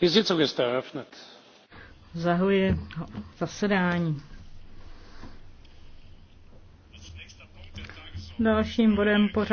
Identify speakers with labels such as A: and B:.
A: Die Sitzung ist eröffnet.
B: Zahuji zasedání. Dalším bodem pořád